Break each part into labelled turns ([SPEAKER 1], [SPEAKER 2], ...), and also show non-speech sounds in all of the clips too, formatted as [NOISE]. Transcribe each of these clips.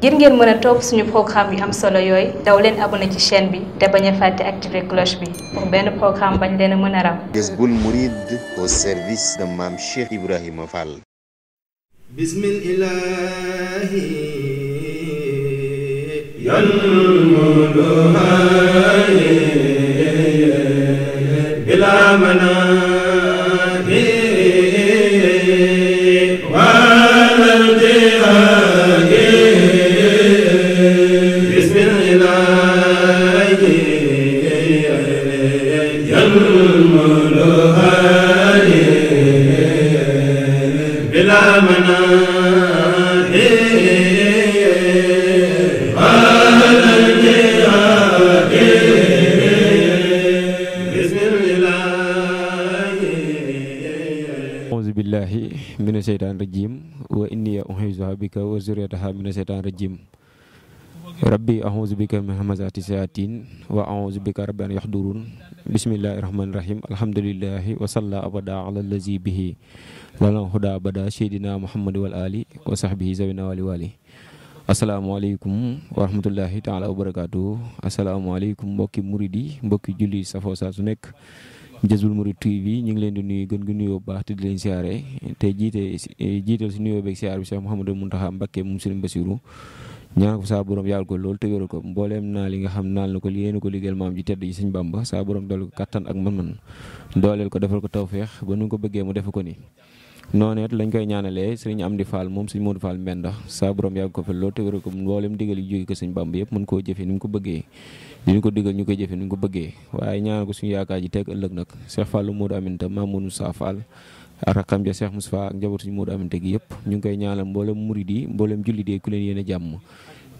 [SPEAKER 1] ngir ngeen mën a toog suñu programme yu am solo yooy daw leen abonné ci chaîne bi te bañ a fàtte activer cloche bi pour benn programme bañ leen a mën a ram.
[SPEAKER 2] Jazboul Mouride au service maam Mame Cheikh Ibrahima Fall. bismillahi yal mina seytaan rajim wa inni uhizuha bika wa zuriyataha mina seytaan rajim rabbi ahuzu bika min hamazati sayatin wa ahuzu bika rabbi an yahdurun bismillahi rahmani rahim alhamdulillahi wa salla abada ala allazi bihi lana huda abada sayidina muhammad wal ali wa sahbihi zawina wali wali asalaamaaleykum wa rahmatullahi taala wa barakaatu asalaamaaleykum mbokki murid yi mbokki julli safoo saa su nekk Jazboul Mouride TV ñu ngi leen di nuyu gën gi nuyoo bu baax te di leen siyaare te jiite jiital si nuyoo beeg siyaar bi Cheikh Mouhamadou Mountakha Mbacké moom ñaan ko saa borom yaal ko lol te ko mbollem na li nga xam naal nako li ko maam ji tedd ci Bamba sa borom dool ko katan ak man-man dolel ko defal ko tawfiix ba nu ko beugé mu def ko ni noonu it lañ koy ñaanalé sëriñ Amdi Fall mom sëñ Modou Fall Mbenda sa borom yaal ko fi lol te ko mbollem digal yu ko Bamba yep mën ko jëfé ni mu ko beugé di ñu ko digal ñu koy jëfé ni mu ko beugé waye ñaan ko suñu yaaka ji tek ëlëk nak Cheikh Fallou Modou ta sa Fall rakam ja Cheikh Moustapha ak njabootu suñu Modou Aminta gi yëpp ñu ngi koy ñaanal mboolem murid yi mboolem jullit yi ku leen yéene jàmm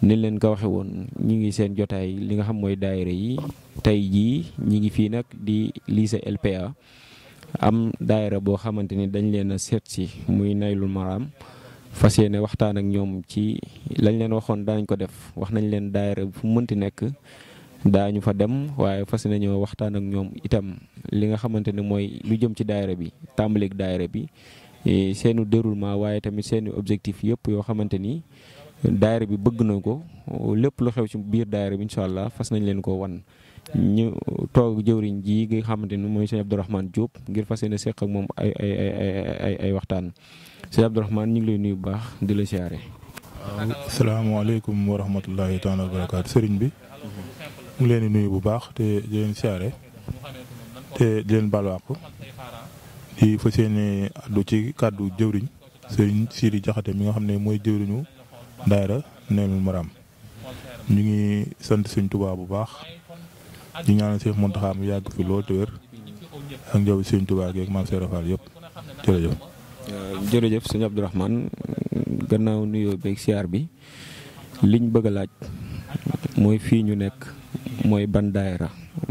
[SPEAKER 2] ni leen ko waxe woon ñu ngi seen jotaay li nga xam mooy daayira yi tey jii ñi ngi fii nag di lycée LPA am daayira boo xamante ni dañ leen a seet si muy naylul maraam fas yéene waxtaan ak ñoom ci lañ leen waxoon daañ ko def wax nañ leen daayira fu mënti nekk daañu fa dem waaye fas nañoo waxtaan ak ñoom itam li nga xamante ne mooy lu jëm ci daayira bi tàmbaleeg daayira bi e, seenu déroulement waaye tamit seeni objectif yëpp yoo xamante ni daayira bi bëgg na ko lépp lu xew ci biir daayira bi incha allah fas nañ leen ko wan. ñu toog jëwriñ ji nga xamante ni mooy sëñ Abdourahmane Diop ngir fas yéene seq ak moom ay ay ay ay waxtaan sëñ Abdourahmane ñu ngi leen nuy bu baax di la siyaare.
[SPEAKER 3] waaw salaamaaleykum wa rahmatullahi taala wa barakaatu bi. mu leen nuyu bu baax te di leen siyaare te di leen balwaaq di fas yéene addu ci kàddu jëwriñ sëriñ Sidi Jaxate mi nga xam ne mooy jëwriñu daayira Nayloul Maram ñu ngi sant sëñ Tuubaa bu baax di ñaanal Seex
[SPEAKER 2] monta mu yàgg fi lool te wér
[SPEAKER 3] ak njaw sëñ Tuubaa geeg maam Seera Faal yëpp jërëjëf
[SPEAKER 2] jërëjëf sëñ Abdourahmane gannaaw nuyoo beeg siyaar bi liñ bëgg a laaj mooy fii nekk mooy ban daayira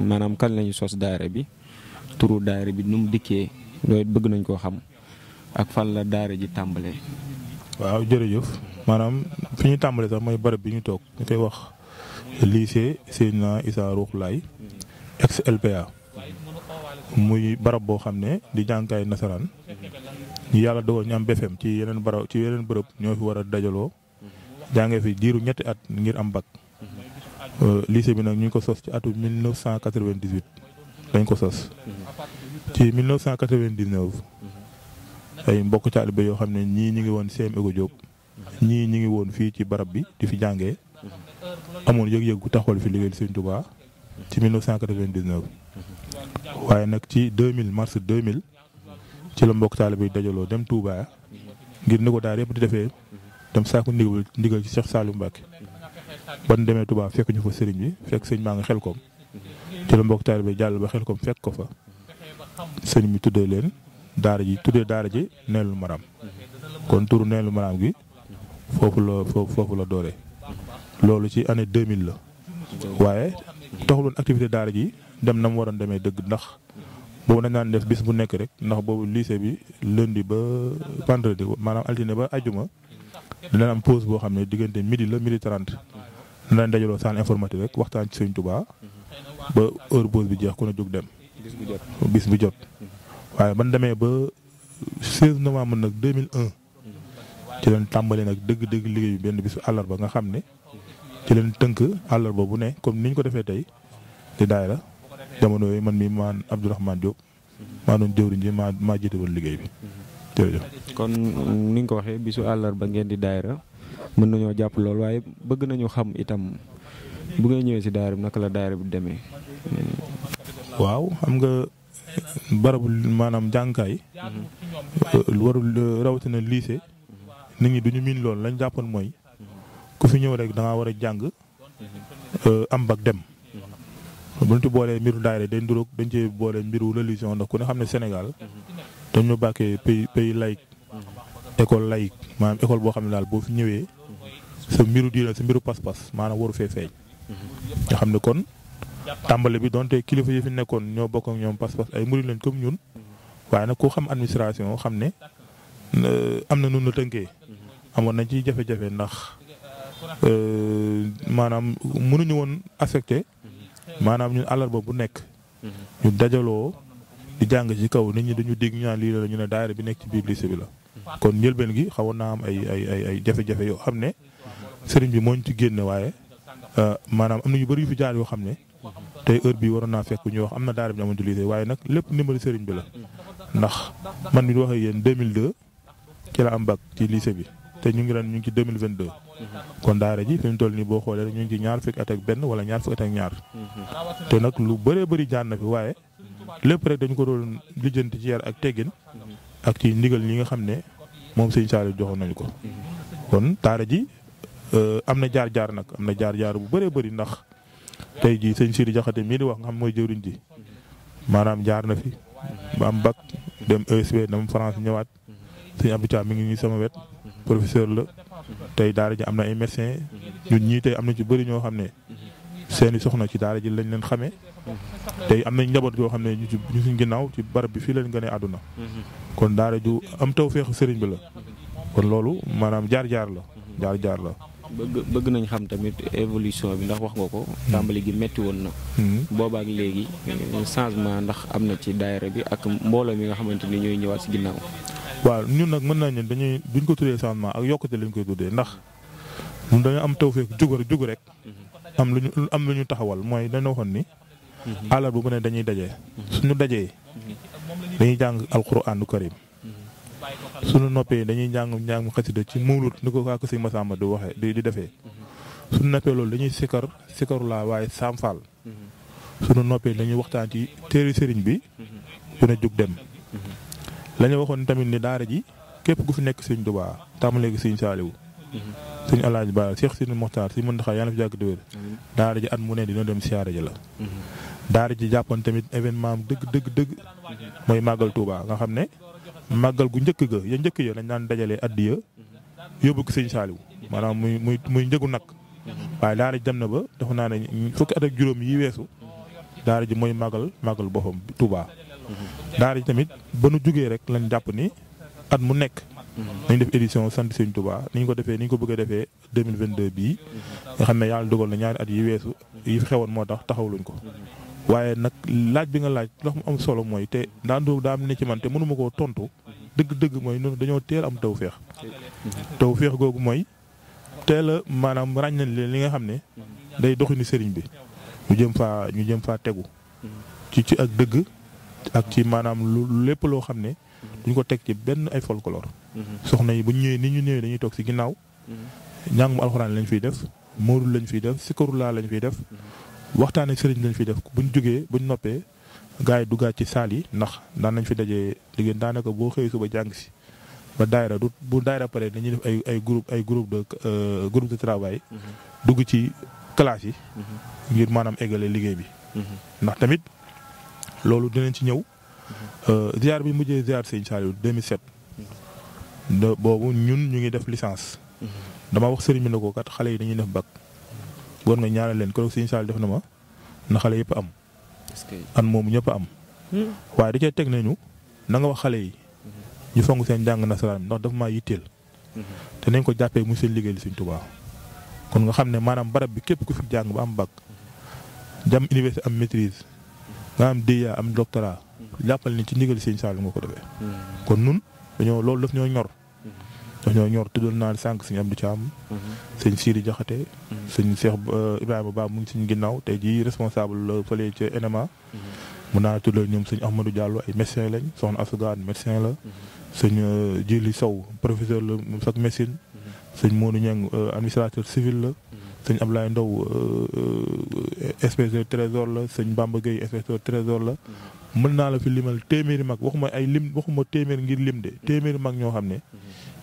[SPEAKER 2] maanaam kan lañu sos daayira bi turu daayira bi nu mu dikkee loolu bëgg nañ koo xam ak fan la daayira ji tàmbalee. waaw jërëjëf maanaam fi ñu tàmbalee sax mooy
[SPEAKER 3] barab bi ñu toog ñu koy wax lycée Seydina Issa Roux Laye ex LPA muy barab boo xam ne di jànkaay nasaraan ñu yàlla dogal ñu am ci yeneen barab ci yeneen bërëb ñoo fi war dajaloo jàngee fi diiru ñetti at ngir am bac. Euh, lycée bi nag ñu ngi ko sos ci atum 1998 dañ ko sos ci 1999 ay mbokk ba yoo xam ne ñii ñu ngi woon CM Ego Diop ñii ñu ngi woon fii ci barab bi di fi jàngee amoon yëg-yëg bu taxawal fi liggéeyal Sëñ Tuubaa ci 1999 waaye nag ci 2000 mars 2000 ci la mbokk taalibe yi dajaloo dem Touba ngir ni ko daal yëpp di defee dem saako ndigal ndigal ci Cheikh Saliou Mbacke ba nu demee tubaab fekk ñu fa sëriñ bi fekk sëñ maa nga xel koom ci la mbokk taalibe jàll ba xel koom fekk ko fa sëriñ bi tuddee leen daara ji tuddee daara ji neelul maram kon turu neelul maram gi foofu la foofu la dooree loolu ci année 2000 la waaye taxuloon activité daara ji dem na mu waroon demee dëgg ndax boobu dañ naan def bis bu nekk rek ndax boobu lycée bi lundi ba vendredi maanaam altine ba ajuma dina am pause boo xam ne diggante midi la midi trente daan dajaloo Sane informatique rek waxtaan ci Sëñ tubaa ba heure pause bi jeex ku ne jóg dem. bis bu jot waaye man demee ba 16 novembre nag 2001 ci leen tàmbali nag dëgg-dëgg liggéey bi benn bisu àllarba nga xam ne ci leen tënk àllarba bu ne comme niñ ko defee tey di daay jamono yooyu man mi maan Abdourahmane Diop maa doon jëwriñ ji maa maa jiite woon liggéey bi jërëjëf.
[SPEAKER 2] kon ni nga ko waxee bisu àllarba ngeen di daayra mën nañoo jàpp loolu waaye bëgg nañu xam itam bu ngay ñëwee si daara bi naka la daara bu demee. waaw xam nga barabu maanaam jànkaay. Mhm.
[SPEAKER 3] warul rawatina lycée. nit ñi du ñu miin loolu lañ jàppoon mooy. ku fi ñëw rek da ngaa war a jàng. Mhm. am bag dem. Mhm. bu ñu ci boolee mbiru daayira day nduróog dañ cee boole mbiru religion ndax ku ne xam ne Sénégal. dañu bàkkee pays pays laïque école laïque maanaam école boo xam ne daal boo fi ñëwee sa mbiru diine sa mbiru pas-pas maanaam waru fee feeñ. nga xam ne kon tàmbali bi donte kilifa yi fi nekkoon ñoo bokk ak ñoom pas-pas ay murid lañ comme ñun waaye nag ko xam administration xam ne euh, am na nun la tënkee. amoon nañ ci jafe-jafe ndax euh, maanaam mënuñu woon affecté maanaam ñun àllarba bu nekk. ñu dajaloo di jàng ci kaw nit ñu dañu dégg ñu naan lii la ñu ne daayira bi nekk ci biir lycée bi la. kon njëlbeen gi xawoon naa am ay ay ay ay jafe-jafe yoo xam ne sëriñ bi mooñ ci génne waaye euh, maanaam am na ñu bëri yu fi jaar yoo xam ne tey heure bi waroon naa fekk ñu wax am na daara bi ñu ci lycée waaye nag lépp ndimbali sëriñ bi la ndax man mi di wax ak yéen 2002 ci la am bac ci lycée bi te ñu ngi ren ñu ngi ci 2022 kon daara ji fi mu toll nii boo xoolee rek ñu ngi ci ñaar fukki at ak benn wala ñaar fukki at ak ñaar te nag lu bëree bari jaar na fi waaye lépp rek dañ ko doon lijjanti ci yar ak teggin ak ci ndigal ñi nga xam ne moom sëñ Saliou joxoon nañ ko. kon daara ji euh, am na jaar jaar nag am na jaar jaar bu baree bari ndax tey jii sëñ Sidi Diakhaté mii wax nga xam mooy jëriñ ji maanaam jaar na fi ba am bac dem ESP dem France ñëwaat sëñ Abdou Thiam mi ngi nii sama wet professeur la tey daara ji am na ay médecins ñun ñii am na ci bëri ñoo xam ne. seen soxna ci daara ji lañ leen xamee te am nañ njaboot yoo xam ne ñu ci ñu suñ ginnaaw ci barab bi fii leen gënee àdduna kon daara ju am taw feexu sëriñ bi la kon loolu maanaam jaar-jaar la jaar-jaar la
[SPEAKER 2] bëgg bëgg nañ xam tamit évolution bi ndax wax nga ko tàmbali gi metti woon na hmm. boobaak léegi euh, changement ndax am na ci daayira bi ak mbooloo mi nga xamante ni ñooy ñëwaat si ginnaaw waaw
[SPEAKER 3] ñu nag mën nañ ne dañuy duñ ko tuddee changement ak yokkute lañ koy tuddee ndax dañu am taw am lu ñu am lu ñu taxawal mooy dañu waxoon ni. àllarba mhm. bu ne dañuy daje. suñu dajee dañuy jàng alquraanu karim. suñu noppee dañuy jàng njàng xasida ci mawlud ni ko kàkk si Masamba di waxee di di defee. suñu noppee loolu dañuy sikar sikaru laa waaye saam faal. suñu noppee dañuy waxtaan ci téere sëriñ bi. dina jóg dem. la ñu waxoon tamit ni daara ji képp ku fi nekk sëriñ Tuubaa tàmm léegi siñ Saaliwu suñu alaaji baal Cheikh Sidi Mokhtar si mën ndaxaa yàlla na fi jàgg di daara ji at mu ne dina dem siyaare ji la mhm. daara ji jàppoon tamit événement am dëgg dëgg dëgg mooy màggal Touba nga xam ne màggal gu njëkk ga ya njëkk ya dañ daan dajalee addiya mhm. yóbbu ko sëñ Saaliw maanaam muy muy muy njëgu nag mhm. waaye daara ji dem na ba defe naa ne fukki at ak juróom yi weesu daara ji mooy màggal màggal boppam Touba daara ji tamit ba nu jógee rek lañ jàpp ni at mu nekk nañ def édition sant Sëñ Touba ni ñu ko defee ni ñu ko bëgg a defee 2022 bii nga xam ne yàlla dogal na ñaari at yi weesu yi fi xewoon moo tax taxaw taxawluñ ko waaye nag laaj bi nga laaj ndox mu am solo mooy te daan doo daa am ne ci man te mënuma koo tontu dëgg-dëgg mooy noonu dañoo teel am tawféex tawféex googu mooy teel a maanaam ràññal leen li nga xam ne day doxini sëriñ bi ñu jëm faa ñu jëm faa tegu ci ci ak dëgg ak ci maanaam lu lépp loo xam ne duñ ko teg ci benn ay folklore soxna yi bu ñu ñëwee ni ñu ñëwee dañuy toog si ginnaaw. Mm-hmm. njàngum alxuraan lañ fiy def. moorul lañ fiy def sikarulaa lañ fiy def. Mm-hmm. waxtaan ak sëriñ lañ fi def buñ jógee buñ noppee gars yi duggaat ci saal yi ndax daan nañ fi dajee liggéey daanaka boo xëyee suba jàng si. ba daayra du bu daayra pare dañuy def ay ay groupe ay groupe de euh, groupe de travail. Mm-hmm. dugg ci classe yi. ngir maanaam eggale liggéey bi. ndax tamit loolu dinañ ci ñëw. Euh, ziar bi mujjee ziar Sëñ Saliou 2007. boobu ñun ñu ngi def licence. dama wax sëriñ bi ne ko xale yi dañuy def bac. boor nga ñaanal leen keroog suñu saal def na ma na xale yëpp am. an moomu ñëpp am. Hmm. waaye da cee teg nañu na nga wax xale yi. Hmm. ñu fonk seen jàng nasaraan ndax dafa maa yitteel. Hmm. te nañ ko jàppee mu seen liggéey li suñ Tuubaa kon nga xam ne maanaam barab bi képp ku fi jàng ba am bac. jam université am maîtrise. nga am DEA am doctorat. jàppal ni ci ndigal sëñ Saalum nga ko defee. kon nun dañoo loolu daf ñoo ñor. dañoo ñor tuddal naan sànq sëñ Abdou Thiam. Mhm. sëñ Siri Diakhaté. Mhm. sëñ Cheikh euh, Ibrahima Ba mu ngi suñu ginnaaw tey jii responsable la fële ca NMA. Mhm. mun naa tuddal ñoom sëñ Ahmadou Diallo ay médecin lañ soxna Asugaan médecin la. sëñ euh, Djili Sow professeur la moom sax médecine. sëñ Modou Niang euh, administrateur civil la. sëñ Ablaye Ndaw inspecteur trésor la sëñ Bamba Gueye inspecteur la. mën naa la fi limal téeméeri mag waxuma ay lim waxuma téeméer ngir lim de téeméeri mag ñoo xam ne.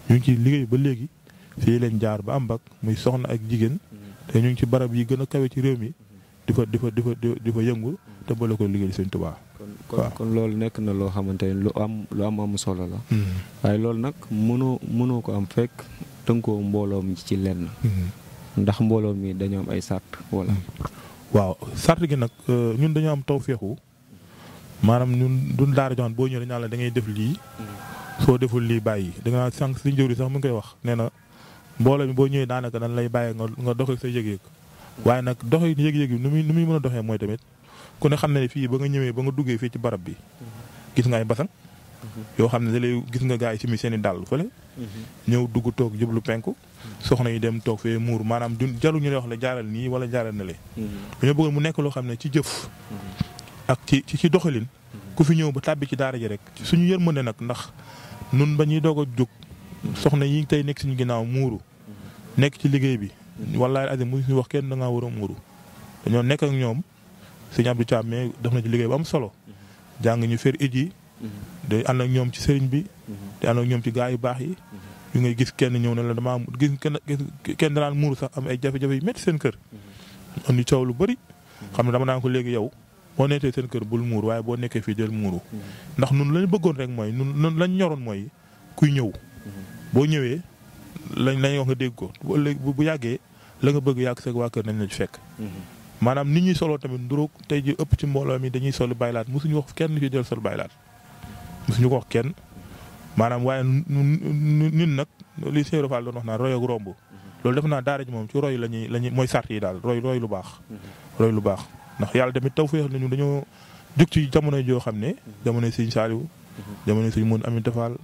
[SPEAKER 3] ñu ngi ci liggéey ba léegi fii leen jaar ba am bac muy soxna ak jigéen te ñu ngi ci barab yi gën a kawe ci réew mi di fa di fa di fa di fa yëngu te boole ko liggéey
[SPEAKER 2] sëñ Tuubaa kon kon nekk na loo xamante ne lu am lu am am solo la mm-hmm. waaye loolu nag mënoo mënoo ko am fekk tënkoo mbooloo mi ci lenn mm-hmm. ndax mbooloo mi dañoo am ay sart wala mm-hmm. waaw sart gi nag euh, ñun dañoo am taw tawféexu
[SPEAKER 3] maanaam ñun duñ daara joxoon boo ñëwee dañu la da ngay def lii soo deful lii bàyyi da ngaa sànq si njëriñ sax mu ngi koy wax nee na mbooloo mi boo ñëwee daanaka dañ lay bàyyi nga nga doxee sa yëg-yëg waaye nag doxee yëg-yëg bi nu muy nu muy mën a doxee mooy tamit ku ne xam ne fii ba nga ñëwee ba nga duggee fii ci barab bi gis nga ay basang yoo xam ne da lay gis nga gars yi simi seen daal dàll fële ñëw dugg toog lu penku soxna yi dem toog fee muur maanaam du jalu ñu lay wax la jaaral nii wala jaaral na le dañoo mu nekk loo xam ne ci jëf ak ci ci doxalin ku fi ñëw ba tàbbi ci daara ji rek suñu yërmande nag ndax nun ba ñuy doog a jóg soxna yi tey nekk suñu ginnaaw muuru nekk ci liggéey bi wallaahi asim mu ñu wax kenn da ngaa war a muuru dañoo nekk ak ñoom sëñ Abdou Thiam mais def na ci liggéey bu am solo jàng ñu fer it yi day ànd ak ñoom ci sëriñ bi di ànd ñoom ci gaa yu baax yi ñu ngay gis kenn ñëw ne la damaa gis kenn kenn danaan muuru sax am ay jafe-jafe yu métti seen kër indi coow lu bëri xam ne dama naan ko léegi yow boo nekkee seen kër bul muur waaye boo nekkee fii del muuru ndax nun lañ bëggoon rek mooy nun lañ ñoroon mooy kuy ñëw boo ñëwee lañ lañ wax nga dégg ko bu yàggee la nga bëgg yàgg sa waa kër nañ la ci fekk maanaam nit ñuy soloo tamit nduróog tey ji ëpp ci mbooloo mi dañuy sol baylaat mosuñu wax kenn ci del sol baylaat mosuñu ko wax kenn maanaam waaye ñun nag li Seydou Fall doon wax naan roy romb loolu def naa daara ji moom ci roy lañuy lañuy mooy sart yi daal roy roy lu baax mm-hmm. roy lu baax ndax yàlla tamit tawféex nañu dañoo jug ci jamono joo xam ne jamono siñ Saaliw jamono sëñ Moon Aminta Fall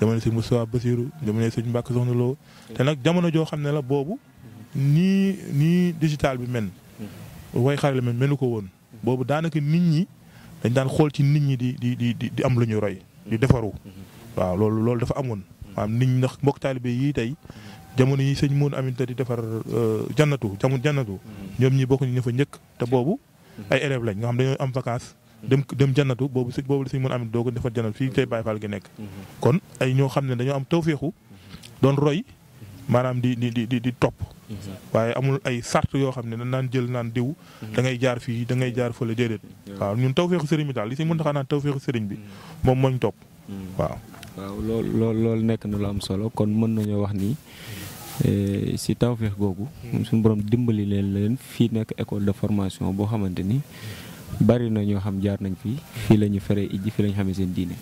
[SPEAKER 3] jamono sëñ Moussa Basiru jamono sëñ Mbàkke Soxna Lo te nag jamono joo xam ne la boobu nii nii digital bi mel way xarale mel melu ko woon boobu daanaka nit ñi dañ daan xool ci nit ñi di di di di am lu ñu roy di defaru waaw loolu loolu dafa amoon nit ñi ndax mbokk taalibe yii tey jamono yi sëñ Moune Aminta di defar euh, jannatu jamono jannatu mm. ñoom ñi bokkuñu ñu fa njëkk te boobu mm. ay élèves lañ nga xam dañoo am vacance mm. dem dem jannatu boobu sëñ boobu la sëñ Moune Aminta doo ko defar jannatu fii tey Baye Fall gi nekk mm-hmm. kon ay ñoo xam ne dañoo am tawféexu mm-hmm. doon roy maanaam di di di di topp mm-hmm. waaye amul ay sart yoo xam ne dañ naan jël naan diw da jaar fii da ngay jaar fële déedéet waaw ñun tawféexu sëriñ bi daal li sëñ Mountakha naan tawféexu sëriñ bi
[SPEAKER 2] moom mooñ topp waaw loo loolu loolu nekk na lu am solo kon mën nañoo wax nii Eh, si tawfiix googu hmm. suñu borom dimbali leen leen fii nekk école de formation boo xamante ni bari na ñoo xam jaar nañ fi fii la ñu feree ijji fii la ñu xamee seen diine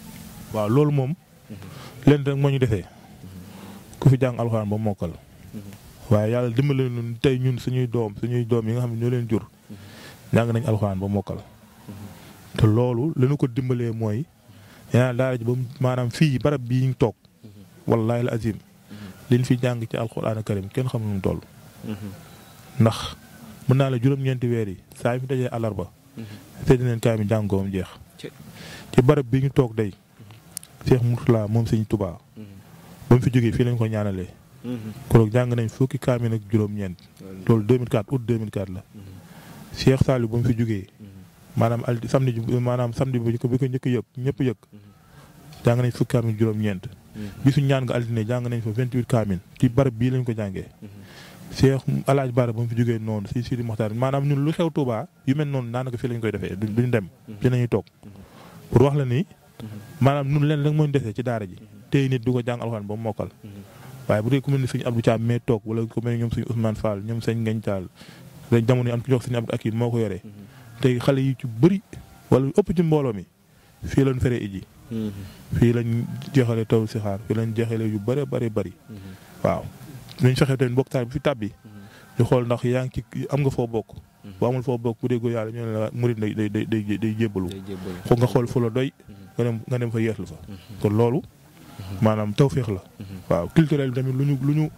[SPEAKER 2] waaw loolu moom leen rek moo
[SPEAKER 3] ñu ku fi jàng alxuraan ba mokkal waaye yàlla dimbali ñun tey ñun suñuy doom suñuy doom yi nga xam ne leen jur jàng nañ alxuraan ba mokkal te loolu li ñu ko dimbalee mooy yaa daara ba maanaam fii barab bii ñu toog la azim liñ fi jàng ci alxuraan karim kenn xam nu mu toll. Mhm. ndax mën naa la juróom-ñeenti weer yi saa yu fi dajee àllarba. Mhm. te dinañ kaay mi jàng ko jeex. ci barab bi ñu toog day. Mhm. Cheikh Mourtala moom Sëñ tubaa ba mu fi jógee fii lañ ko ñaanalee. kon jàng nañ fukki kaamil ak juróom-ñeent. loolu 2004 août 2004 la. Cheikh Saliou ba mu fi jógee. maanaam al samedi maanaam samedi bi ko ñëkk a yëg ñëpp yëg. jàng nañ fukki kaamil juróom-ñeent. Mm-hmm. bisu ñaan nga altine jàng nañ fa 28 kaamil ci barab bii lañ ko jàngee. Mm-hmm. Cheikh Alaaji Bara ba mu fi jógee noonu si Sidi Moxtaar maanaam ñun lu xew Touba yu mel noonu daanaka fii lañ koy defee duñ dem. ci mm-hmm. nañuy toog pour wax la ni. maanaam ñun leen rek moo defee ci daara ji. tey nit du ko jàng alxuraan ba mu mokkal. waaye bu dee ku mel ni suñu Abdou Thiam mee toog wala ku mel ñoom suñu Ousmane ñoom sëñ Ngañ Taal dañ jamono yi am ku ñuy wax suñu Abdou Akim moo ko yoree. tey xale yi ci bëri wala ëpp ci mbooloo mi fii lañ feree iji fii lañ jeexale taw si xaar fii lañ jeexale yu bëri bëri bëri waaw nañ fexe tamit mbokk taal bi fi tàbbi ñu xool ndax yaa ngi ci am nga foo bokk bu amul foo bokk bu déggoo yàlla ñu ne la murid day day day day jébbalu ko nga xool fu la doy nga dem nga fa yeeslu fa kon loolu maanaam tawféex la waaw culturel bi tamit lu ñu lu ñu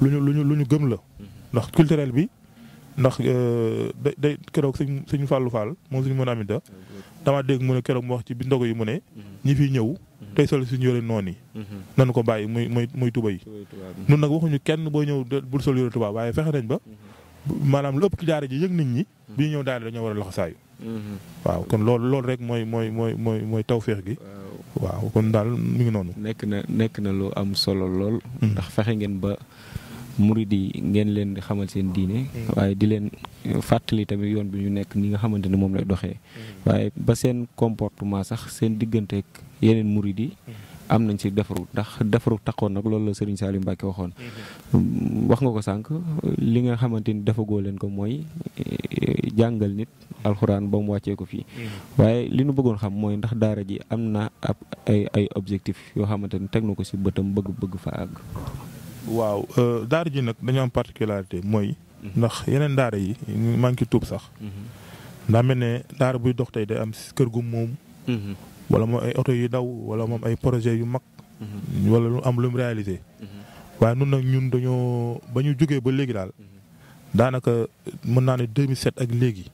[SPEAKER 3] lu ñu lu ñu lu ñu gëm la ndax culturel bi ndax euh, day day keroog sëñ sëñ Fallou moom suñu mën a amita damaa dégg mu ne keroog mu wax ci bi ndogo yi mu ne. Mhm. ñi fiy ñëw. Mhm. tey solo suñu yore noonu yi. Mhm. nañu ko bàyyi muy muy muy tuba yi. nun nag waxuñu kenn boo ñëw bul sol yore tuba waaye fexe nañ ba. maanaam lu ëpp ci daara ji yëg nit ñi. bi ñëw daara dañoo war a loxo saayu. waaw kon loolu loolu rek mooy mooy mooy mooy mooy tawféex gi.
[SPEAKER 2] waaw kon daal mi ngi noonu. nekk na nekk na lu am solo lool. Hmm. ndax fexe ngeen ba. murid yi ngeen leen di xamal seen diine mm. waaye di leen fàttali tamit yoon bi ñu nekk ni nga xamante ni moom lay doxee mm. waaye ba seen comportement sax seen digganteek yeneen murid yi mm. am nañ si defaru ndax defaru taxoon nag loolu la Serigne Saliou Mbacke waxoon mm-hmm. wax nga ko sànq li nga xamante ni defagoo leen ko mooy eh, jàngal nit alxuraan ba mu wàccee ko fii waaye li nu bëggoon xam mooy ndax daara ji am na ab ay ay objectif yoo xamante ni teg na ko si bëtam bëgg bëgg fa àgg waaw euh, daar ji nag dañoo am particularité mooy. Mhm.
[SPEAKER 3] ndax yeneen daara yi maa ngi tuub sax. ndax mhm. mel ne daara buy dox tey day am kër gu moom. Mhm. wala moom ay oto yu daw wala moom ay projet yu mag. wala lu am lu mu réalisé. waaye nun nag ñun dañoo ba ñu jógee ba léegi daal. daanaka mën naa ne 2007 ak léegi.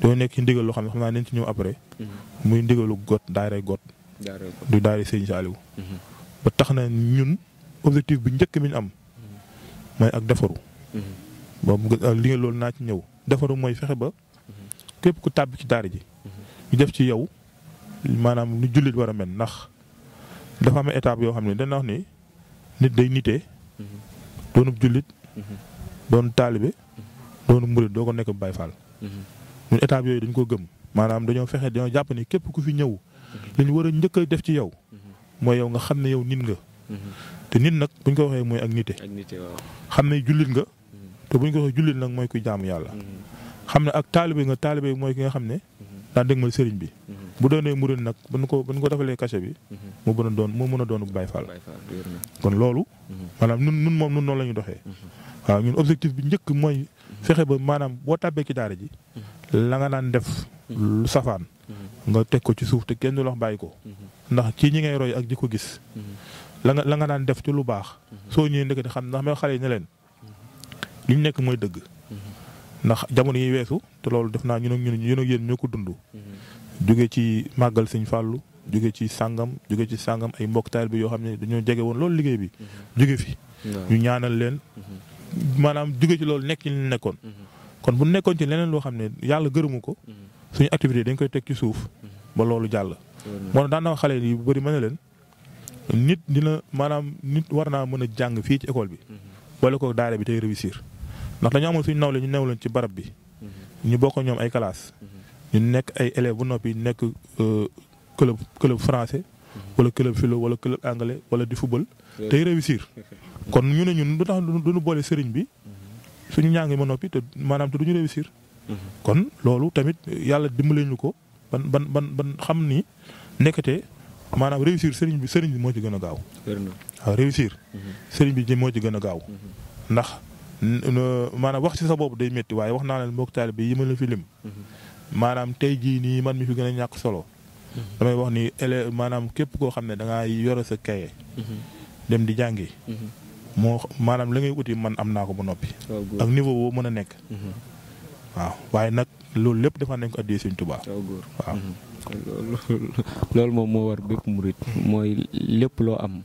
[SPEAKER 3] doo nekk ci ndigal loo xam ne xam naa nañ si ñëw après. muy ndigalu got daaray got. du daaray sëñ Saliou. ba tax na ñun objectif bu njëkk bi ñu am mooy ak defaru. boobu li loolu naa ci ñëw defaru mooy fexe ba képp ku tàbb ci daara ji. ñu def ci yow maanaam lu jullit war a mel ndax dafa am étape yoo xam ne dana wax ni nit day nitee doonub jullit doon taalibe doonu murit doo ko nekk Baay Faal ñun étape yooyu dañ ko gëm maanaam dañoo fexe dañoo jàpp ni képp ku fi ñëw li ñu war a njëkk a def ci yow mooy yow nga xam ne yow nit nga te nit nag buñ ko waxee mooy ak nite. ak nite waaw xam ne jullit nga. Mm-hmm. te bu buñ ko waxee jullit nag mooy kuy jaamu yàlla. Mm-hmm. xam ne ak taalibe nga taalibe mooy ki nga xam ne. Mm-hmm. daan dégg ma sëriñ bi. bu doonee murid nag bu ñu ko ko defalee cachet bi. mu mën a doon mu mën a doon Baye Fall. kon loolu. maanaam ñun ñun moom ñun noonu la ñu doxee. waaw ñun objectif bi njëkk mooy. fexe ba maanaam boo tàbbee ci daara ji. la nga naan def. lu safaan. nga teg ko ci suuf te kenn du la bàyyi ko. ndax ci ñi ngay roy ak di ko gis. la nga la nga daan def ci lu baax. soo ñëwee ndekete xam ndax may xale yi na leen li ñu nekk mooy dëgg. ndax jamono yi weesu te loolu def naa ñun ak ñun ñun ak yéen ko dund. jóge ci màggal sëñ Fàllu jóge ci sangam jóge ci sangam ay mbokk taal bi yoo xam ne dañoo jege woon liggéey jóge fi ñu leen. maanaam jóge loolu nekk ci nekkoon. kon bu nekkoon ci leneen loo xam ne yàlla gërëmu ko. suñu activité dañ koy teg ci suuf. ba loolu jàll. moo tax daan na xale yi yu bëri mën na leen. nit dina maanaam nit war naa mën a jàng fii ci école bi. Mhm. boole ko daara bi tey réussir ndax dañoo amoon suñu nawle ñu new leen ci barab bi. Mhm. ñu bokk ñoom ay kalaas mhm. ñu nekk ay élèves bu noppi nekk euh, club club français. wala club filo wala club anglais wala di football. tey réussir [LAUGHS] kon ñu ne ñun du tax du boole sëriñ bi. suñu ñaa ngi ma noppi te maanaam te duñu ñu réussir. kon loolu tamit yàlla dimbale ñu ko ban ban ban xam ni nekkate maanaam réussir sëriñ bi sëriñ bi moo ci gën a gaaw.
[SPEAKER 2] waaw
[SPEAKER 3] réussir. Mhm. sëriñ bi ji moo ci gën a gaaw. Mhm. ndax maanaam wax ci sa bopp day métti waaye wax naa leen mbokk taalibe yi ma la fi lim. Mhm. maanaam tey jii nii man mi fi gën a ñàkk solo. damay wax ni élève maanaam képp koo xam ne da ngaa yore sa kaye. dem di jàngi. moo maanaam la ngay uti man am naa ko ba noppi. Oh, ak niveau boo mën a nekk.
[SPEAKER 2] waaw waaye nag loolu lépp dafa
[SPEAKER 3] nekk addi Sëriñ Tuubaa. Oh,
[SPEAKER 2] waaw. loolu moom moo war bépp murit mooy lépp loo am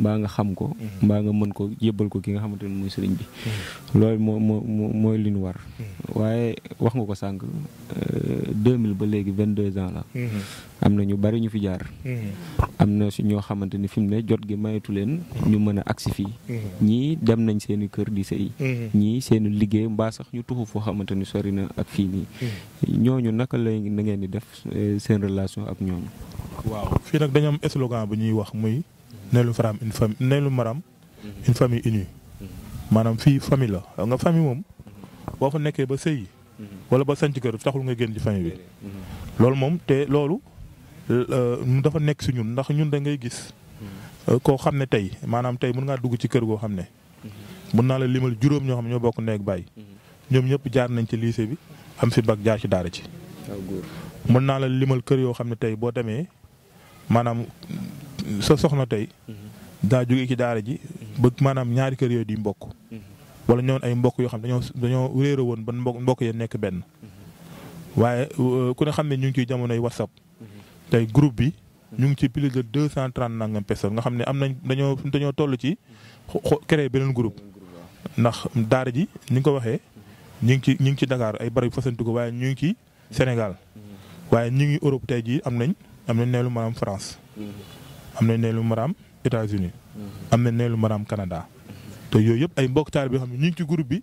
[SPEAKER 2] mbaa nga xam ko mbaa nga mën ko yëbbal ko ki nga xamante ne mooy sëriñ bi loolu moo moo mooy li ñu war waaye wax nga ko sànq euh, mille ba léegi 22 ans la mm-hmm. am na ñu bari ñu fi jaar mm-hmm. amna na si ñoo xamante ni ne jot gi mayatu len ñu mëna aksi fi mm-hmm. ñi dem nañ seen kër di sey mm-hmm. ñi seen liggéey mba sax ñu tuxu fo xamanteni sori na ak fii nii mm-hmm. ñooñu naka lay na ngeen di def eh, seen relation ak ñoom
[SPEAKER 3] waaw fi nak dañu am slogan bu ñuy wax muy nelu fram une femme nelu maram une famille unie manam fi famille la nga famille mom bo fa nekké ba sey wala ba sant kër taxul nga génn di famille bi lool mom té loolu Mm, dafa nekk si ñun ndax ñun da ngay gis. Hmm. koo xam ne tey maanaam tey mën ngaa dugg ci kër goo xam ne. mën hmm. naa la limal juróom ñoo xam ne ñoo bokk neeg bàyyi. Hmm. ñoom ñëpp jaar nañ ci lycée bi am si bac jaar ci daara ah, naa la limal kër yoo xam ne tey boo demee maanaam sa soxna tey. daa jóge ci daara ji. ba maanaam ñaari kër yooyu di mbokk. wala ñoon ay mbokk yoo xam dañoo dañoo réeré woon ba mbokk mbokk ya nekk benn. waaye uh, ku ne xam ne ñu ngi ciy jamonoy whatsapp. tey groupe bi ñu ngi ci plus de deux cent trente nangam personnes nga xam ne am nañ dañoo dañoo toll ci xo créé beneen groupe. ndax daar ji ni nga ko waxee ñu ngi ci ñu ngi ci Dakar ay barab yu fasantu waaye ñu ngi ci Sénégal waaye ñu ngi Europe tey jii am nañ am nañ neelu maraam France am nañ neelu maram États-Unis am na neelu maram Canada te yooyu yëpp ay mbokk taal bi xam ne ñu ngi ci groupe bi.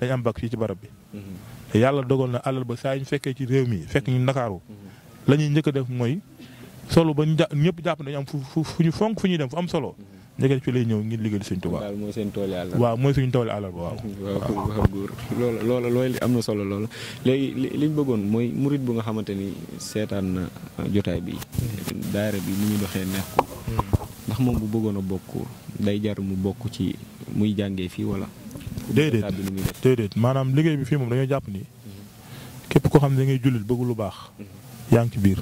[SPEAKER 3] dañ am bakk fii ci barab bi. Mhm. te yàlla dogal na alal ba saa yu ñu fekkee ci réew mi fekk ñu ndakaaru mhm. la ñuy njëkk def mooy solo ba ñu ja ñëpp jàpp nañ am fu fu ñu fonk fu ñuy dem fu am solo. Mhm. njëkk fi lay ñëw ngir liggéeyal
[SPEAKER 2] Sëñ Tuubaa. daal mooy seen tool alal waaw mooy suñu tool alal waaw. waaw waaw góor loola am na solo loola liñ bëggoon mooy murit bu nga xamante ni seetaan na uh, jotaay bi. daayira bi ni ñu doxee neex ndax moom bu bëggoon a bokk day jar mu bokk ci muy jàngee fii wala. déedéet déedéet maanaam liggéey bi fii moom dañoo jàpp
[SPEAKER 3] ni képp koo xam ne da ngay jullit bëgg lu baax yaa ngi ci biir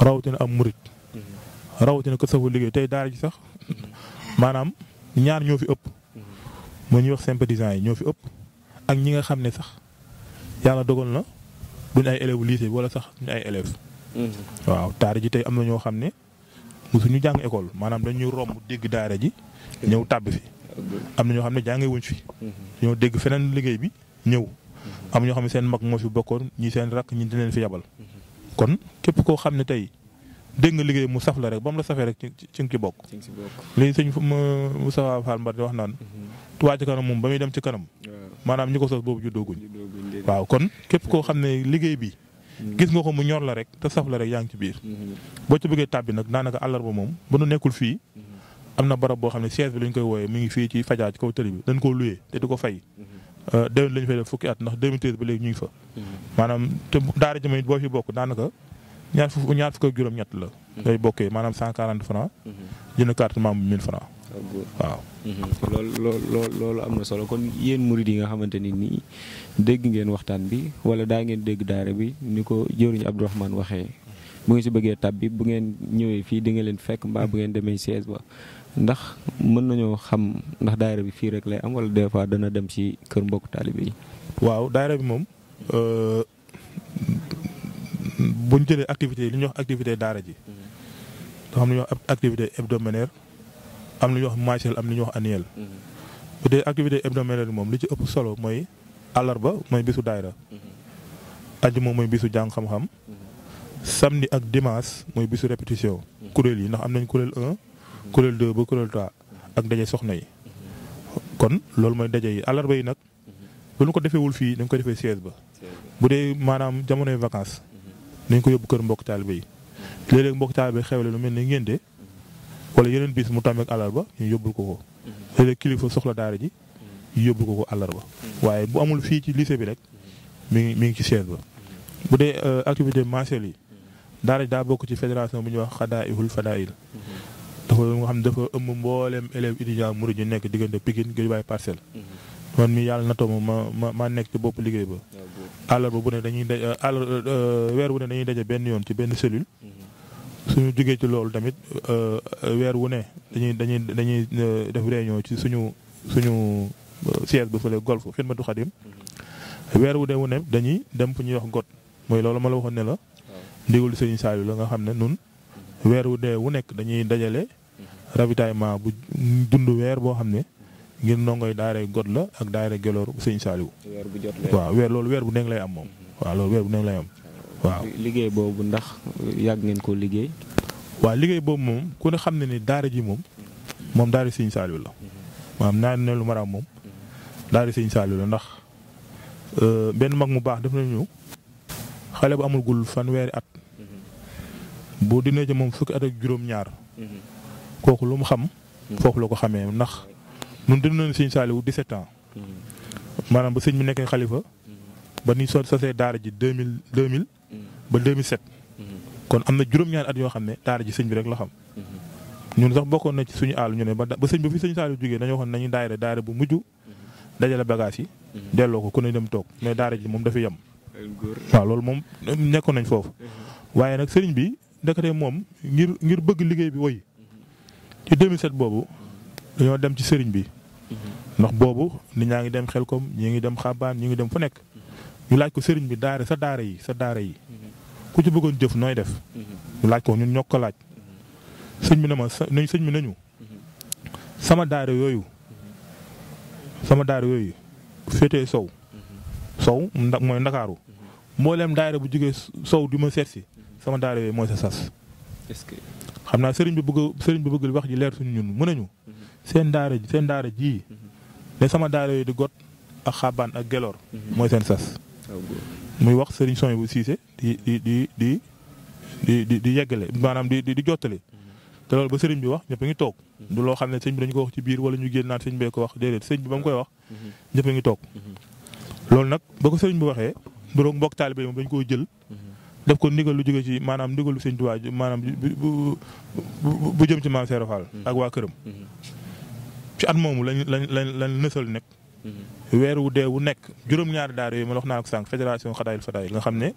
[SPEAKER 3] rawatina am murit rawatina ko safu liggéey tey daara ji sax maanaam ñaar ñoo fi ëpp moo ñuy wax sympathisants yi ñoo fi ëpp ak ñi nga xam ne sax yàlla dogal na duñ ay élèves lycée wala sax duñ ay élèves waaw daara ji tey am na ñoo xam ne suñu jàng école maanaam dañuy romb dégg daara ji ñëw tàbb fi am na ñoo xam ne jàngee wuñ fi. Mhm. ñoo dégg feneen liggéey bi ñëw. Mhm. am ñoo xam seen mag moo fi bokkoon ñi seen rakk ñi dinañ fi yabal. Mhm. kon képp koo xam ne tey dégg nga liggéey mu saf la rek ba la safee rek ci bokk. ci bokk léegi sëñ Moustapha Fall Mbar di wax naan. Touba ci moom ba muy dem ci kanam. maanaam ñu ko sos boobu juddooguñ. waaw kon képp koo xam ne liggéey bi. gis nga ko mu ñor la rek te saf la rek yaa ngi ci biir. boo ci bëggee tàbbi nag daanaka àllarba moom bu nu nekkul fii am na barab boo xam ne siège bi lañ koy wooyee mi ngi fii ci Fadja ci kaw tëri bi dañ koo luyee te di ko fay. Mhm. Euh, déwén lañ fay def fukki at ndax 2013 ba léegi ñu ngi fa. Mhm. maanaam te daara jëmee boo fi bokk daanaka ñaar fukk ñaar fukk ak la. Mhm. ngay bokkee maanaam 140 francs jënd carte membre bi 1000 francs
[SPEAKER 2] ah, waaw. loolu loolu loolu am na solo kon yéen murid yi nga xamante ni nii dégg ngeen waxtaan bi wala daa ngeen dégg daara bi ni ko jëriñ Abdourahmane waxee. bu ngeen si bëggee tab bi bu ngeen ñëwee fii di nga leen fekk mbaa bu ngeen demee siège ba ndax mën nañoo xam ndax daayira bi fii rek lay am wala des fois dana dem ci kër mbokk taalibe yi. waaw daayira bi moom euh, bu ñu jëlee activité yi li ñuy wax activité
[SPEAKER 3] daara ji. dafa am lu ñuy wax activité hebdomadaire am lu ñuy wax mensuel am lu ñuy wax annuel. bu dee activité hebdomadaire moom li ci ëpp solo mooy àllarba mooy bisu daayira. moom mooy bisu jàng xam-xam. samedi ak dimanche mooy bisu répétition. kuréel yi ndax am nañ kuréel kuréel 2 ba kuréel 3 ak daje soxna yi kon loolu mooy daje yi àllarba yi nag bu ñu ko defewul fii dañ ko defee siège ba bu dee maanaam jamonoy vacances dañ ko yóbbu kër mbokk taalibe yi léeg-léeg mbokk taalibe xewle lu mel ni ngénte wala yeneen bis mu tàmmeek àllarba ñu yóbbul ko ko léeg kilifa soxla daara ji yóbbu ko ko àllarba waaye bu amul fii ci lycée bi rek mu ngi mi ngi ci siège ba bu dee euh, activité mensuelle yi daara ji daa bokk ci fédération bu ñuy wax xadaayihul fadaayil dafa nga xam ne dafa ëmb mbooleem élèves étudiants murid ñu nekk diggante Pikine Guédiawaye Parcelles mm-hmm. man mi yàlla natoo ma ma ma nekk ci bopp liggéey ba ah, àllarba bu ne dañuy daj euh, àllarba euh, weer wu ne dañuy daje benn yoon ci benn cellule mm-hmm. suñu jógee ci loolu tamit euh, weer wu ne dañuy dañuy dañuy def réunion ci suñu suñu siège bi fële golf Xidmatu Xadim mm-hmm. weer wu ne wu ne dañuy dem fu ñuy wax got mooy loolu ma la waxoon ne la ah. ndigalu Sëriñ Saliou la nga xam ne nun weer wu dee wu nekk dañuy dajale ravitaillement bu dund weer boo xam ne ngir yi daare god la ak daare geloor sëñ Saliou waaw weer loolu weer bu nekk lay am moom waaw loolu weer bu nekk lay am waaw liggéey boobu ndax yàgg ngeen koo liggéey waaw liggéey boobu moom ku ne xam ne ni daara ji moom moom daara sëñ Saliou la maanaam naa ne lu maraam moom daara sëñ Saliou la ndax euh, benn mag mu baax def nañu xale bu amul gul fanweeri at boo dundee ci moom fukki at ak juróom-ñaar. kooku lu mu xam. foofu la ko xamee ndax ñun dund nañu sëñ Saliou 17 ans. maanaam ba sëñ bi nekkee xalifa ba ni soo sa daara ji 2000 2000. ba 2007. kon am na juróom-ñaari at yoo xam ne daara ji sëñ bi rek la xam. ñun sax bokkoon na ci suñu àll ñu ne ba ba sëñ bi fi sëñ Saliou jógee dañoo xam ne nañu daayira daayira bu mujj. dajale bagage yi. delloo ko ku ne dem toog mais daara ji moom dafa yem. waaw loolu moom nekkoon nañ foofu. waaye nag sëriñ bi ndekete moom ngir ngir bëgg liggéey bi woy ci 2007 boobu dañoo dem ci sëriñ bi ndax boobu nit ñaa ngi dem xelkom ñi ngi dem xabaan ñi ngi dem fu nekk ñu laaj ko sëriñ bi daara sa daara yi sa daara yi ku ci bëggoon jëf nooy def ñu laaj ko ñun ñoo ko laaj sëñ bi na ma sëñ bi nañu sama daara yooyu sama daara yooyu féetee sow sow mooy ndakaaru mbooleem daara bu jógee sow di ma seet si sama daara yooyu mooy sa sas. est-ce que xam naa sëriñ bi bugg sëriñ bi bëgg wax ji leer suñu ñun mën nañu. seen mhm. daara seen daara ji. Mhm. ne sama daara yooyu di got ak xabaan ak geloor. Mhm. mooy seen sas. Oh, muy wax sëriñ son bu siise di di di di di di yeggale maanaam di di jottali. te loolu ba sëriñ bi wax ñëpp ngi toog. du loo xam ne sëñ bi dañu ko wax ci biir wala ñu génn naat sëñ bee ko wax déedéet sëñ bi ba mu koy wax. ñëpp ngi toog. loolu nag boo ko sëriñ bi waxee mbirum mbokk taalibe moom dañu jël. def ko ndigal lu jóge ci maanaam ndigal lu sëñ Tuubaa maanaam bu bu jëm ci maam Seera Fall mm-hmm. ak waa këram mm-hmm. ci at moomu lañ lañ lañ lañ nësal nekk mm-hmm. weer wu dee wu nekk juróom-ñaari daara yooyu ma wax naa ko sànq fédération xadaayil fadaayil nga xam ne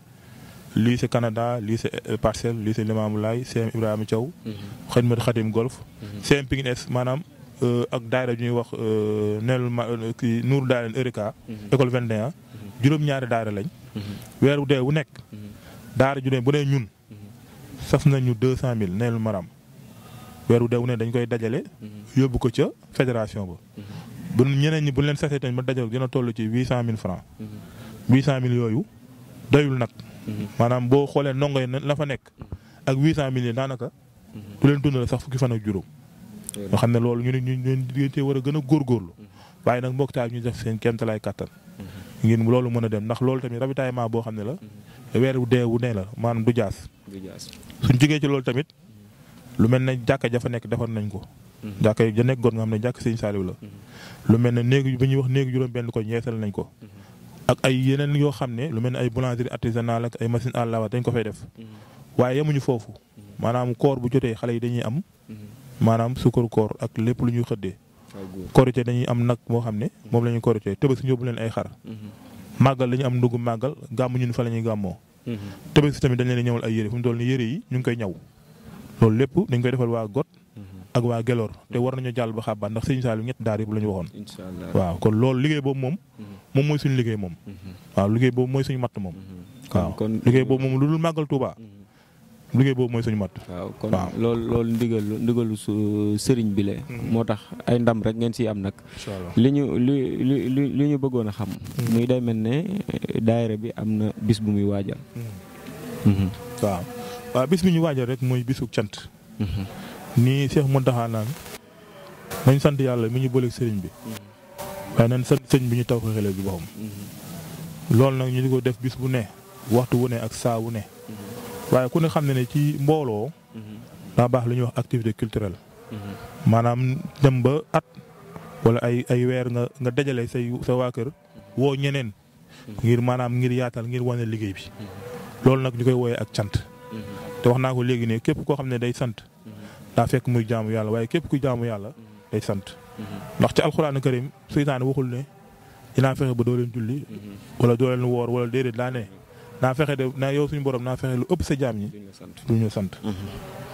[SPEAKER 3] lycée Canada lycée euh, Parcelles lycée Limamou Laye CM Ibrahima Thiaw Xidmat Xadim Golf CM Pikine Est maanaam euh, ak daara ju ñuy wax euh, neel ma kii Nour Daalen juróom-ñaari daara lañ weer wu dee wu nekk daara ju bu ne ñun saf nañu deux cent mille neelu maram weeru dew ne dañ koy dajale yóbbu ko ca fédération ba bu ñeneen ñi bu leen sasee tamit ba dajal dina toll ci huit cent mille francs huit cent mille yooyu doyul nag maanaam boo xoolee ndongo yi la fa nekk ak huit cent mille yi daanaka du leen dundal sax fukki fan ak juróom nga xam ne loolu ñu ne ñu ñu war a gën a góorgóorlu waaye nag mbokk taal ñu def seen kéemtalaay kàttan ngir loolu mën a dem ndax loolu tamit ravitaillement boo xam ne la mhm. weer wu dee wu ne la maanaam du jaas suñ jógee ci loolu tamit lu mel ne jàkka jafa nekk defar nañ ko mhm. jàkka ja nekk goon nga xam ne jàkk sëñ Saaliw la mhm. lu mel ne néegu bi ñuy wax néegu juróom benn ko ñeesal nañ ko ak ay yeneen yoo xam ne lu mel ne ay boulangerie artisanale ak ay machine à laver dañ ko fay def waaye yemuñu foofu maanaam koor bu jotee xale yi dañuy am maanaam sukkur koor ak lépp lu ñuy xëddee korite dañuy am nag moo xam ne moom la ñuy korite Tabaski yóbbu leen ay xar mm-hmm. màggal dañuy am ndugg màggal gàmm ñun fa la ñuy gàmmoo mm-hmm. Tabaski tamit dañ leen ñëwal ay yére fu mu toll ni yére yi ñu ngi koy ñaw loolu lépp dañ koy defal waa got mm-hmm. ak waa geloor liggéey boobu moom moom mooy suñu liggéey moom waaw liggéey boobu
[SPEAKER 2] moom lu dul màggal Touba liggéey boobu mooy suñu mat. waaw kon loolu loolu ndigal ndigalu sëriñ bi la. Hmm. moo tax ay ndam rek ngeen siy am nag. li ñu li li li bëggoon a xam. Hmm. muy day mel ne eh, daayira bi am na bis bu muy waajal. Hmm. bis bi ñu waajal rek
[SPEAKER 3] mooy bisu cant. nii Cheikh Mountakha sant yàlla mi ñu bëleeg sëriñ bi. waaye nañ sant sëriñ bi ñu taw ko xelal bi boppam. loolu nag ñu di ko def bis bu ne waxtu wu ne ak saa wu ne. waaye ku ne xam ne ne ci mbooloo. Mhm. daa baax lu ñuy wax activité culturelle. Mhm. maanaam dem ba at wala ay ay weer nga nga dajale say sa waa kër woo ñeneen. Mhm. ngir maanaam ngir yaatal ngir wane liggéey bi. loolu nag ñu koy wooyee ak cant. te wax naa ko léegi ne képp koo xam ne day sant. daa muy jaamu yàlla waaye képp kuy jaamu yàlla. day sant. ndax ci alxuraanu karim seytaane waxul ne dinaa fexe ba doo leen julli. wala doo leen woor wala déedéet daa naa fexe de naa yow suñu borom naa fexe lu ëpp sa jaam ñi. duñ ñu sant mhm.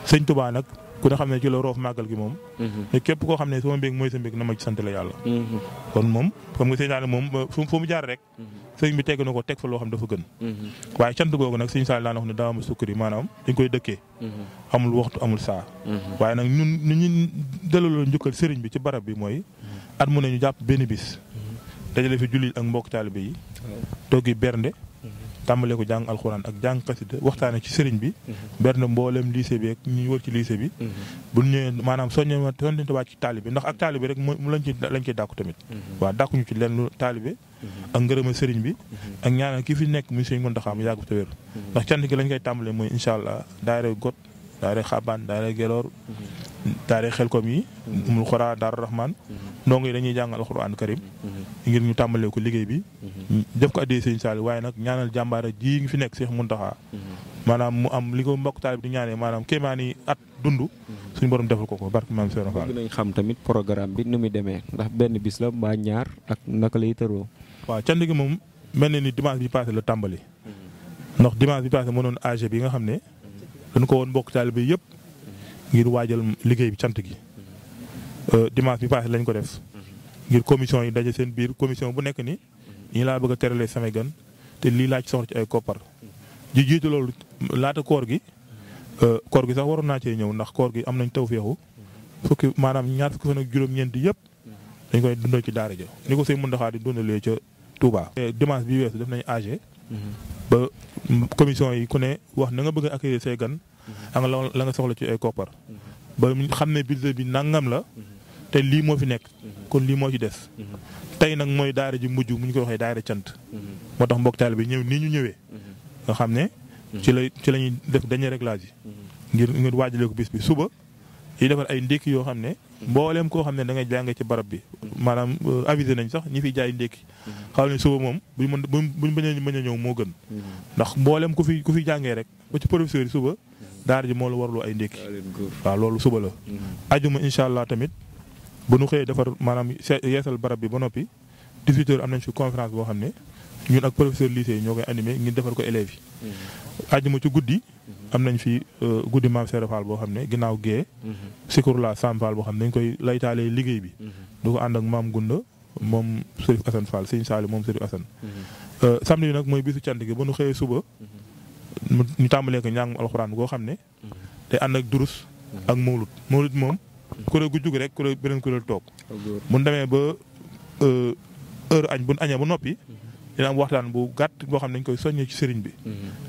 [SPEAKER 3] sëñ Tuubaa nag ku ne xam ne ci la roof màggal gi moom. Mhm. te képp koo xam ne sama mbég mooy sa mbég na ma ci sant mhm. kon moom xam nga seytaane moom fu fu mu jaar rek. sëñ bi teg na ko teg fa loo xam dafa gën. waaye cant googu nag sëñ Saal daan wax ne daa amul sukkari maanaam dañ koy dëkkee. amul waxtu amul saa. waaye nag ñun ñu ñu dalaloo njukkal sëriñ bi ci barab bi mooy. at mu ne ñu jàpp benn bis. dajale fi jullit ak mbokk taalibe yi. toggi bernde. tàmbale ko jàng alxuraan ak jàng xasida waxtaane ci sëriñ bi mhm. benn mboolem lycée bi ak ñuy wër ci lycée bi mhm. bu ñëwee maanaam soññe ma soññe waat ci taalibe ndax ak taalibe rek mu lañ ci lañ ciy dàkku tamit mhm. waaw dàkkuñu ci lenn lu taalibe ak ngërëma sëriñ bi ak ñaanal kii fi nekk muy sëriñ Muntaxa mu yàgg fi te wér ndax cant gi lañ koy tàmbale mooy incha allah daayira got daayira xabaan daayira geloor daare xel kom yi mm-hmm. umul xora daaru rahman mm-hmm. ndongo yi dañuy jàngal alxuraan karim mm-hmm. ngir ñu tàmbalee ko liggéey bi def ko addee sëñ Saliou waaye nag ñaanal jàmbaara jii ngi fi nekk mun Mountakha maanaam mu am li ko mbokk taalib di ñaanee maanaam
[SPEAKER 2] kéemaani at dund suñ borom defal ko ko barke maam Sëriñ Fall bëgg xam tamit programme bi nu muy demee ndax benn bis la mbaa ñaar ak naka lay tëroo
[SPEAKER 3] waaw cant gi moom
[SPEAKER 2] mel na ni dimanche bi
[SPEAKER 3] passé la tàmbali ndax dimanche bi passé mënoon AG bi nga xam ne dañ ko woon mbokk taalib bi yëpp ngir waajal liggéey bi cant gi euh, dimanche bi passé lañ ko def ngir commission yi daje seen biir commission bu nekk ni ñi laa bëgg a teralee samay gan te lii laa ci soxla ci ay koppar ji jiitu loolu laata koor gi euh, koor gi sax waroon naa cee ñëw ndax koor gi am nañ taw feexu fukki maanaam ñaar fukki fan ak juróom-ñeent yëpp dañ koy dundal ci daara ja ni ko sëñ Muntaxa di dundalee ca Touba. dimanche bi weesu def nañ AG mhm. ba commission yi ku ne wax na nga a xam nga la nga soxla ci ay koppar. ba xam ne budget bi nangam la. te lii moo fi nekk. kon lii moo ci des. tey nag mooy daara ji mujj bu ñu ko waxee daara cant. moo tax mbokk taal bi ñëw nii ñu ñëwee. nga xam ne. ci la ci la def dañuy réglage yi. ngir ngir waajale ko bis bi suba. yi defar ay ndékki yoo xam ne. mbooleem koo xam ne da ngay jàngee ci barab bi. maanaam euh, avisé nañ sax ñi fiy jaay ndékki. xam ne suba moom buñ mën buñ bañ a ñëw moo gën. ndax mbooleem ku fi ku fi jàngee rek ba ci professeur yi suba. daara ji moo la warloo ay ndékki waaw loolu suba la mm-hmm. ajuma incha allah tamit bu nu xëyee defar maanaam yeesal barab bi ba noppi 18 heures am nañ fi conférence boo xam ne ñun ak professeur lycée yi ñoo koy animé ngir defar ko élèves yi mm-hmm. ajuma ci guddi mm-hmm. am nañ fi euh, guddi maam Serap Fall boo xam ne ginnaaw gée Sikurla Sam Fall boo xam ne dañ koy laytaalee liggéey bi du ko ànd ak maam Gunda moom Serif Assane Fall Sëñ Saali moom Serif Assane euh, samedi bi nag mu tàmbalee ko njàngum alxuraan goo xam ne. te mm-hmm. ànd ak durus. Mm-hmm. ak mawlut mawlut moom. Mm-hmm. kuréel gu jug rek kuréel beneen kuréel toog. mu ñu demee ba euh, heure añ bu ñu ba noppi. dina am waxtaan bu gàtt boo xam ne dañ koy soññee ci sëriñ bi.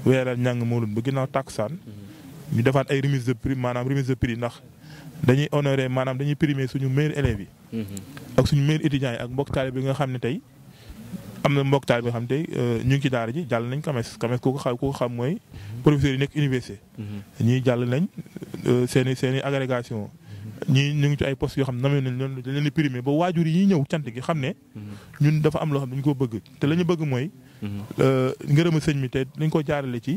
[SPEAKER 3] weeral njàng mawlut ba ginnaaw tàkkusaan ñu defaan ay remise de prix maanaam remise de prix ndax dañuy honoré maanaam dañuy primé suñu meilleurs élèves yi. ak suñu meilleurs étudiants yi ak mbokk taalibe bi nga xam ne tey. am na mbokk taal bi nga xam te euh, ñu ngi ci daara ji jàll nañ kames kames ku ko xam ku ko xam mooy mhm. professeur yi nekk université mhm. ñii jàll nañ seen i seen ñu ngi ci ay postes yoo xam ne namee nañ leen dañ leen di primé ba waajur yi ñëw cant gi xam ne mhm. ñun dafa am loo xam ne dañu ko bëgg te la ñu bëgg mooy euh, ngërëma sëñ mi te lañ ko jaarale ci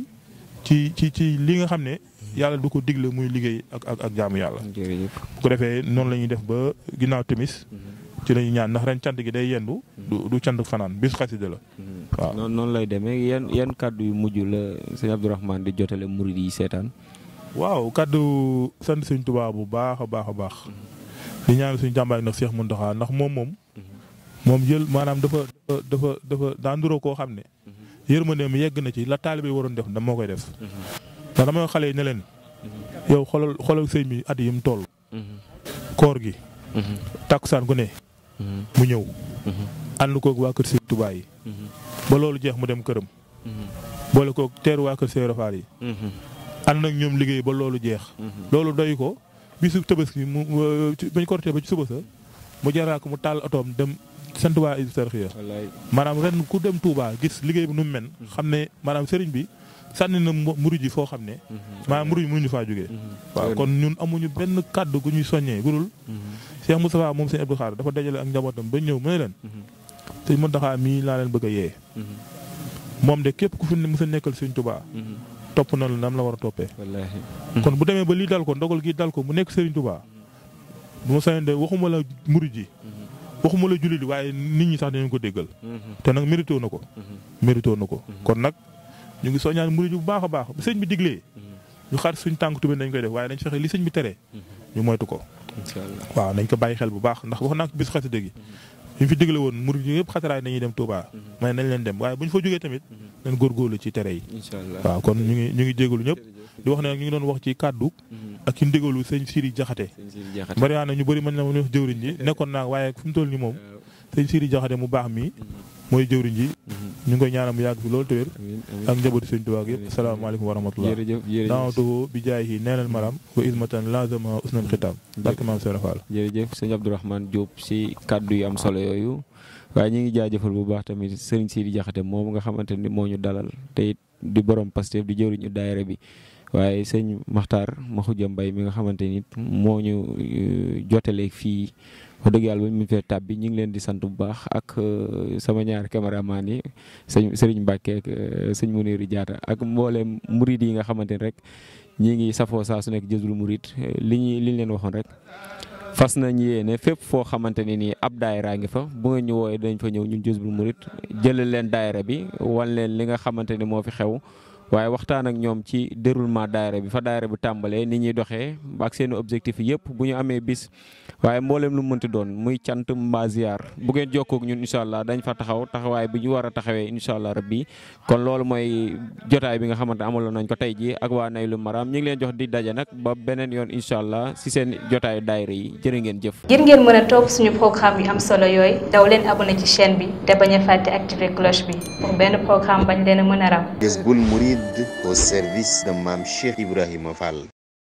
[SPEAKER 3] ci ci ci li nga xam ne yàlla du ko digle muy liggéey ak ak ak jaamu yàlla bu ko defee noonu la ñuy def ba ginnaaw timis
[SPEAKER 2] ci la ñuy ñaan ndax ren cant gi day yendu. du du cant fanaan bis xasida la. Mm-hmm. noonu noonu lay demee yan yan yu mujj la sëñ Abdourahmane di jotale murid yi seetaan. waaw
[SPEAKER 3] kàddu sant sëñ Tuubaa bu baax a baax a baax. Mm-hmm.
[SPEAKER 2] di ñaan suñu jàmbaay seex Cheikh Mountakha ndax
[SPEAKER 3] moom moom. Mm-hmm. moom jël maanaam dafa dafa dafa daa koo xam ne. ne yërmandeem yegg na ci la taalibe waroon def da moo koy def. ndax dama xale yi ne leen. yow xoolal xoolal sëñ bi at yi mu toll. koor gi. takkusaan gu ne. mu ñëw. ànd koog waa kër Serigne Touba yi. ba loolu jeex mu dem këram. boole koog teeru waa kër Serigne Rafaal yi. ànd nag ñoom liggéey ba loolu jeex. loolu doy ko bisu tabaski mu bañ korte ba ci suba sa mu jaraa ko mu taal otoom dem sant waa Hizbut ren ku dem Touba gis liggéey bi nu mu mel. Mm-hmm. xam ne maanaam Serigne bi. sànni na muruj yi foo xam ne mhm. maanaam muruj ñu faa jógee mhm. waaw kon ñun amuñu benn kàddu gu ñuy soññee gudul mhm. Cheikh Moustapha moom sëñ Abdou Khadre dafa dajale ak njabootam ba ñëw mu ne leen sëñ Mountakha mii laa leen bëgg a yee moom de képp ku fi mës a nekkal sëñ Touba topp na la nam la war a toppee kon bu demee ba lii dal ko ndogal gi dal ko mu nekk sëriñ Touba bu ma sañoon de waxuma la muruj yi waxuma la jullit waaye nit ñi sax dañu ko déggal te nag na ko ñu ngi soññaan murid bu baax a baax bu sëñ bi diglee ñu xar suñ tànk tubé nañ koy def waaye nañ fexe li sëñ bi tere ñu moytu ko waaw nañ ko bàyyi xel bu baax ndax wax naa ko bis xasida gi ñu fi digle woon murid yi yëpp xataraay nañu dem tuubaa mm-hmm. may nañ leen dem waaye bu ñu fa jógee tamit mm-hmm. nañ góorgóorlu ci tere yi waaw kon ñu ngi ñu ngi jégalu ñëpp di wax ne ñu ngi doon wax ci kàddu mm-hmm. ak ci ndigalu sëñ Siri Jaxate bari na ñu bëri mën na ma ñu wax jëwriñ ji [LAUGHS] nekkoon naa waaye fi mu toll ni moom [LAUGHS] sëñ Siri Jaxate mu baax mi mooy jëwriñ ji mm-hmm. ñu ngi koy ñaanal mu yàgg fi loolu téwér ak njabootu sëñ Tuubaa yëpp asalaamaaleykum wa rahmatullah daawatuhu bi jaay yi neenal maram
[SPEAKER 2] wa ismatan lazama usnan xitaam barke maam Sëriñ Fall jërëjëf sëñ Abdourahmane Diop si kàddu yu am solo yooyu waaye ñu ngi jaajëfal bu baax tamit sëriñ Sidi Jaxate moom nga xamante ni moo ñu dalal te it di borom Pastef di jëwriñu daayira bi waaye sëñ Maxtaar Maxuja Mbay mi nga xamante ni moo ñu euh, jotale fii wax dëgg yàlla ba mu fee tàbbi ñu ngi leen di sant bu baax ak euh, sama ñaari caméraman yi sëñ Sëriñ Mbàkke ak euh, sëñ Muniru Jaata ak mbooleem murid yi nga xamante ni rek ñi ngi safoo saa su nekk Jazbul Murid li ñu li ñu leen waxoon rek fas nañ yéene fépp foo xamante ne nii ab daayira ngi fa bu nga ñu wooyee dañ fa ñëw ñun Jazbul Murid jële leen daayira bi wan leen li nga xamante ni moo fi xew waaye waxtaan ak ñoom ci déroulement daayira bi fa daayira bi tàmbalee ni ñuy doxee ak seeni objectif yëpp bu ñu amee bis waaye mbooleem lu mënti doon muy cant mbaa ziar bu ngeen jokkook ñun incha allah dañ fa taxaw taxawaay bi ñu war a taxawee incha allah rabbi kon loolu mooy jotaay bi nga xamante amaloon nañ ko tey ji ak waa lu Maram ñu ngi leen jox di daje nag ba beneen yoon incha allah si seen jotaayu daayira yi jërë ngeen jëf.
[SPEAKER 1] ngir ngeen mën a topp suñu a fàtte activer a
[SPEAKER 2] mën au service de Mamchir Ibrahim Fall.